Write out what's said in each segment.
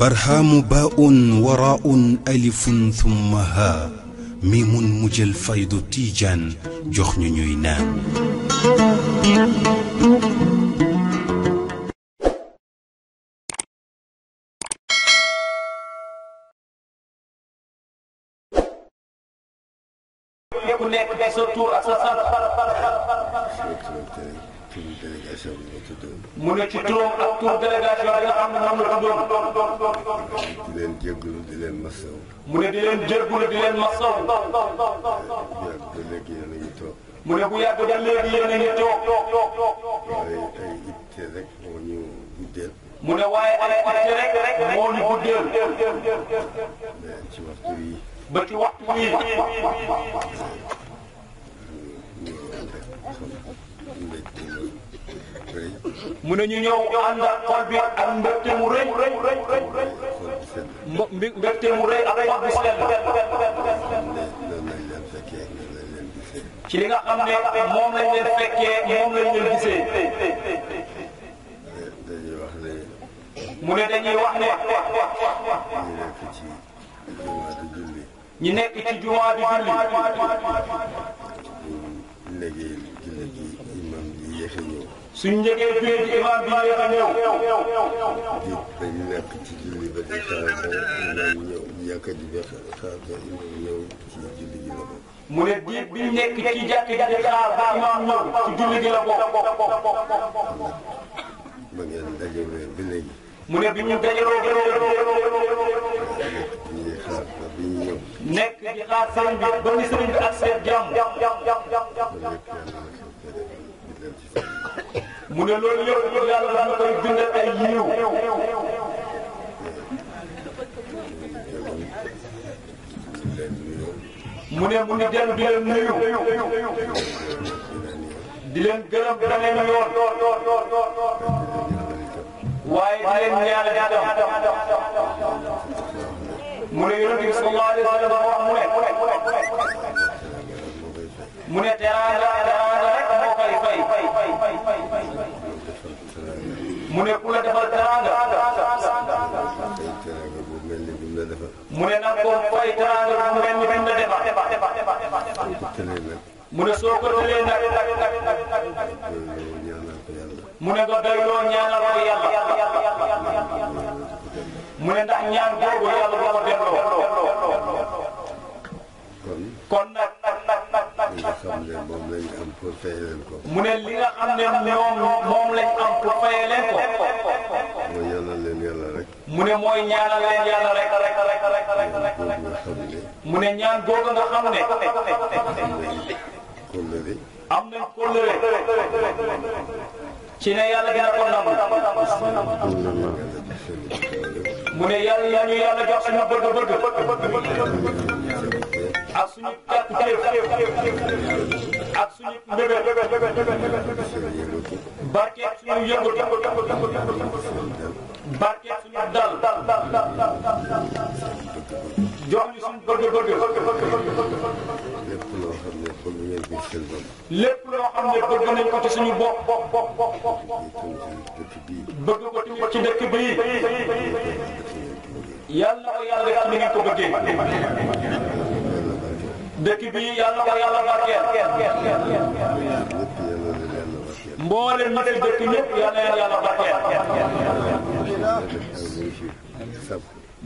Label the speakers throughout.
Speaker 1: برهام باء وراء ألف ثم ها ميم مجل فيض تيجان جخن نينان يكون تور أساسا turu délégation bi nga tuddoon. mu ne ci turam ak turu délégation bi nga xam ne moom la tuddoon. di leen jégalu di leen masawu. mu ne di leen jégalu di leen masawu. di leen léegi yéen a ngi toog. mu ne bu yàgg ba léegi yéen a ngi toog. waaye ay itte rek moo ñu guddeel. mu ne waaye ay itte rek moo ñu guddeel. mais ci waxtu yi. ba ci waxtu yi. mu ne ñu ñëw ànd ak xol bi ak mbégte mu rëy mbo mbégte mu rëy ak xol bu sell ci li nga xam ne moom lañ leen fekkee moom lañ leen gisee mu ne dañuy wax ne ñi nekk ci jumaa di julli suñ njëkkee fii ci imaam bi yéex a ñëw. dañ nekk ci julli ba di xaar ba imaam ñëw jàkka ji ba xaar ba imaam ñëw ci julli gi la bokk. mu ne bi nekk ci jàkka ji di xaar ba imaam ci julli gi la bokk. ba ngeen dajaloo ba léegi. mu ne bi ñu dajaloo ba léegi. ñuy xaar ba bi ñu ñëw. nekk di xaar sëriñ bi ba ni mu ne loolu yëpp yàlla daan koy bindal ay yiw mu ne mu ngi dellu di leen nuyu di leen gërëm beneen yoon waaye di leen ñaanal itam
Speaker 2: mu ne yonent bi sallallahu
Speaker 1: alayhi wa sallam wax mu ne mu ne teraanga mu ne ku la defal teraanga. mu ne nag koo fay teraanga bu mel ni bi mu la defal. mu ne soo ko tëlee nag. mu ne nga doyloo ñaanal ko yàlla. mu ne ndax ñaan boobu yàlla boo ko delloo. kon nag. nga xam ne moom am ko. mu ne li nga xam ne moom moom lañ am pour fay leen ko. mooy ñaanal leen yàlla rek. mu ne mooy ñaanal leen yàlla rek rek rek rek rek rek. mu ne ñaan googu nga xam ne. am nañ kóllëre. am nañ kóllëre. ci ne yàlla dina ko nangu. mu ne yàlla ñu yàlla jox suñu bëgg-bëgg. ak suñu tàkk ak suñu mbébét barke suñu yëngu yëngu barke suñu dal jox ñu suñu bëgg-bëgg lépp loo xam ne bëgg nañ ko seen bopp lépp loo xam ne bëgg nañ ko ci suñu bopp bopp bopp bopp bëgg ko tamit ci dëkk bi yàlla na ko yàlla def ci ni ngeen ko bëggee dëkk bi yàlla ko yàlla barkeel. mboolem ñi fi dëkk ñëpp yàlla yàlla barkeel.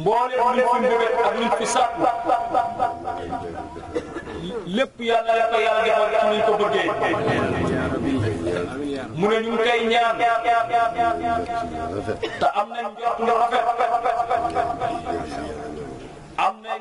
Speaker 1: mboolem ñi fi mbébét ak ñi fi sàkku. lépp yàlla ko yàlla defal ci ni ñu ko bëggee. mu ne ñu ngi koy ñaan. te am nañ jot lu rafet.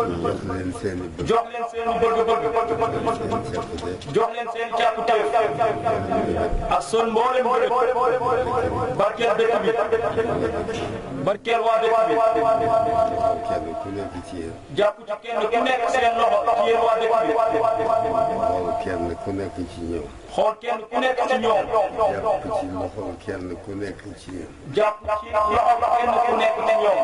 Speaker 1: leen seen i jox leen seen i bëgg-bëgg. jox leen seen càpp teew. ak son mboolem bëgg. barkeel dëkk bi. barkeel waa dëkk bi. jàpp ci kenn ku nekk seen loxo ci yéen waa dëkk bi. xool kenn ku nekk ci ñoom. xool kenn ku nekk ci ñoom. jàpp ci loxo kenn ku nekk ci yéen. jàpp ci loxo kenn ku nekk ci ñoom.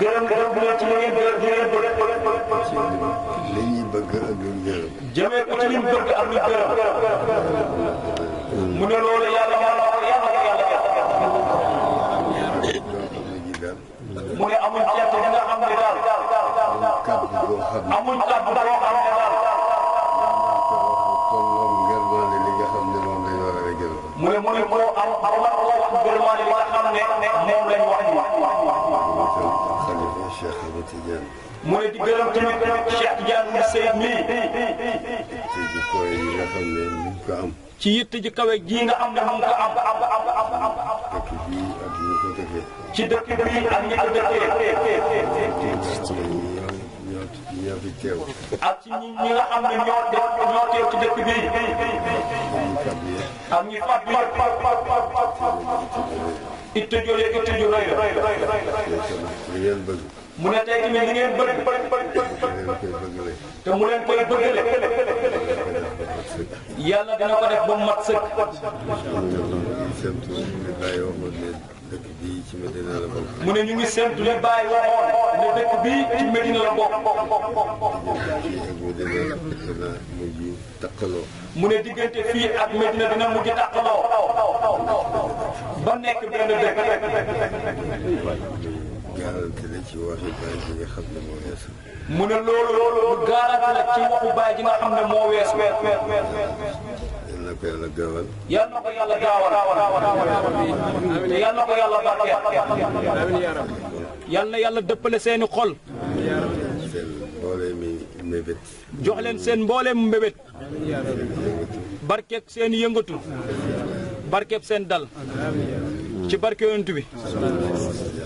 Speaker 1: gërëm gërëm bu leen ci li ngeen gërëm li ñuy bëgg ak lu ñu gërëm. jëmee ko ci li ñu bëgg ak lu ñu gërëm. mu ne loolu yàlla yàlla yàlla yàlla. mu ne amuñ ceeb nga xam ne daal. amuñ kàddu boo xam ne. Cheikh Ahmed Tidiane. mu ne di gërëm ci yitte ji kawe ji nga am ne mu ngi ko dëkk bii ak ñi ko ci dëkk bii ak ñi ko dëkkee. ñoo fi teew. ak ci ñi ñi nga mu ne tey tamit li ngeen bëgg. te mu leen koy bëggale. yàlla dina ko def ba mu mat sëkk. mu ne ñu ngi séntu li bàyyi waxoon ne dëkk bii ci Medina la bokk. mu ne diggante fii ak Medina dina mujj tàqaloo. ba nekk benn dëkk. gaaral te la ci waxi baay ji nga xam ne moo weesu. mu ne loolu loolu gaaral la ci waxu baay ji nga xam ne moo weesu. yal na ko yàlla gaawal. yal na ko yàlla gaawal. yal na ko yàlla barkeel. yal na yàlla dëppale seeni xol. seen mboole mi mbébét. jox leen seen mbooleem mbébét. barkeeg seen yëngatu. barkeeg seen dal. ci barke yonent bi.